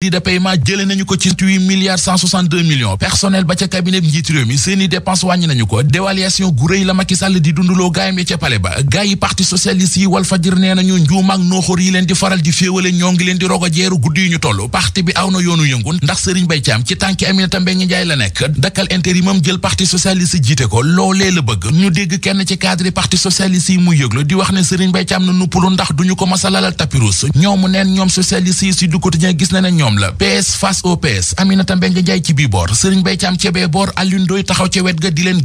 di de jële jëlee nañu ko ci 8 milliards 162 millions personnel ba ca cabinet bi njiit réew mi seeni dépense wàññi nañu ko dévaluation gu rëy la Macky Sall di dunduloo gaayam ya ca pale ba gaay yi parti socialiste yi wal fajir nee nañu njuum ak nooxóor yi leen di faral di féewale ñoo ngi leen di rogo jeeru guddi yu ñu toll parti bi aw na yoonu yëngu ndax Serigne Mbaye Thiam ci tànki Aminata Mbengue Ndiaye la nekk dakkal intérimam jël parti socialiste jiite ko loolee la bëgg ñu kenn ci cadre parti socialiste yi muy wax ne Serigne Mbaye Thiam na nuppulu ndax duñu ko masalalal tapirous ñoomu gis na ne ñoom ñoom la PS face au PS Aminata Mbengue Ndiaye ci bii boor Serigne Mbaye Thiam ci bee boor Alioune Ndoye taxaw ca wet ga di leen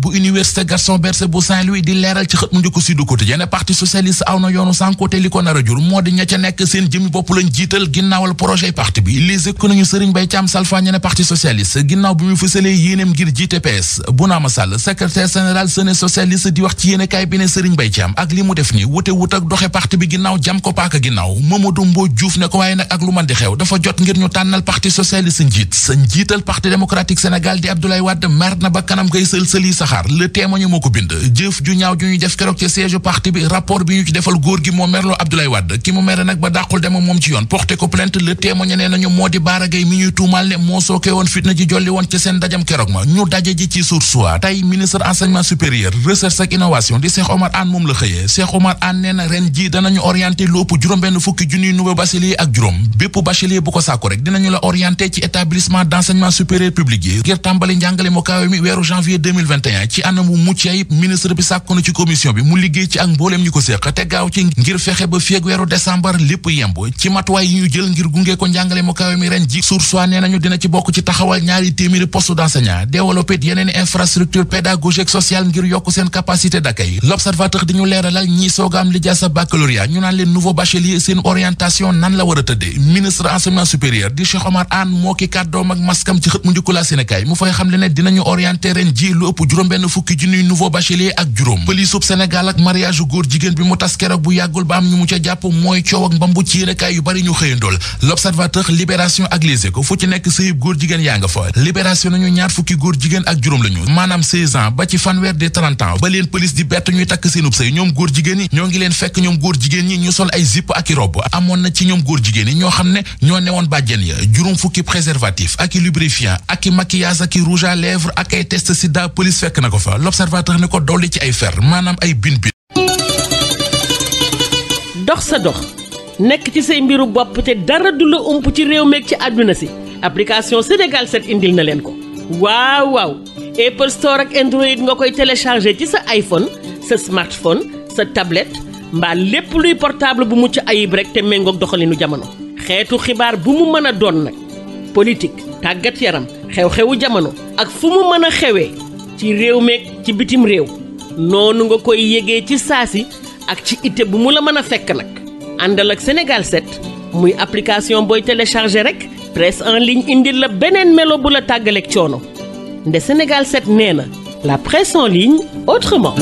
bu université Gaston Berger bu Saint-Louis di leeral ci xët mu njëkk Sud Quotidien parti socialiste aw na yoonu sànko te li ko nar moo di ña ca nekk seen jëmi bopp lañ jiital ginnaawal projet parti bi les éco nañu Serigne Mbaye Thiam salfaañe ne parti socialiste ginnaaw bi mu fësalee yéeneem ngir jiite PS Bounama Sall secrétaire général sene socialiste ne ko waaye nag ak lu man di xew dafa jot ngir ñu tànnal parti socialiste njiit sa njiital parti démocratique Sénégal di Abdoulaye Wade mer na ba kanam ngay sël-sëli saxaar le témoigne moo ko bind jëf ju ñaaw ju ñu def keroog ci siège parti bi rapport bi ñu ci defal góor gi moo merloo Abdoulaye Wade ki mu mere nag ba dàqul dem moom ci yoon porté ko plainte le témoigne nee nañu moo di Bara Gaye mi ñuy tuumal ne moo sooke woon fitna ji jolli woon ci seen dajam keroog A tey ministre enseignement supérieur recherche ren ji danañu orienté lu ëpp benn fukki junniy nouveaux bacheliers ak juróom bépp bachelier bu ko sàkku rek dinañu la orienté ci établissement d'enseignement supérieur public yi ngir tàmbali njàngale mu kaawe mi weeru janvier ci anam wu mucc ayib ministre bi sàkku ci commission bi mu liggéey ci ak mbooleem ñu ko séq te gaaw ci ngir fexe ba feeg weeru décembre lépp yemb ci matuwaay yi ñu jël ngir gunge ko njàngale mu kaawe mi ren ji sursoi nee nañu dina ci bokk ci taxawal ñaari téeméeri poste d'enseignant développé yeneen war a tëddee ministre enseignement supérieur di Cheikh Omar Anne moo ki kàddoom ak maskam ci mu njëkk la mu fay xam le ne dinañu orienté ren ji lu ëpp juróom-benn fukki junniy nouveau bachelier ak juróom pëli sub ak mariage góor jigéen bi mu tas bu yàggul ba am ñu mu ca jàpp mooy coow ak mbambu ci yéenekaay yu bari ñu xëyandool l'Observateur Libération ak Les Échos nekk sëyib góor jigéen yaa nga fa Libération nañu ñaar fukki i rob amoon na ci ñoom jigéen ñi ñoo xam ne ñoo newoon bàjjen ya juróom fukki préservatif ak i lubrifiant ak i maquillage ak i rouge ak ay test na ko fa l'observateur ne ko dolli ci ay fer maanaam ay bin bin dox sa dox nekk ci say mbiru bopp te dara du la ump ci réew meeg ci àdduna si application Sénégal 7 indil na leen ko waaw waaw Apple Store ak Android nga koy télécharger ci sa iPhone sa smartphone sa tablette mbaa lépp luy portable bu mucc ayib rek te méngoog doxalinu jamono xeetu xibaar bu mu mën a doon nag politique tàggat yaram xew-xewu jamono ak fu mu mën a xewee ci réew meeg ci bitim réew noonu nga koy yégee ci saasi ak ci ite bu mu la mën a fekk nag àndal ak Sénégal set muy application booy téléchargé rek presse en ligne indil la beneen melo bu la tàggaleeg coono nde Sénégal 7 nee na la presse en ligne autrement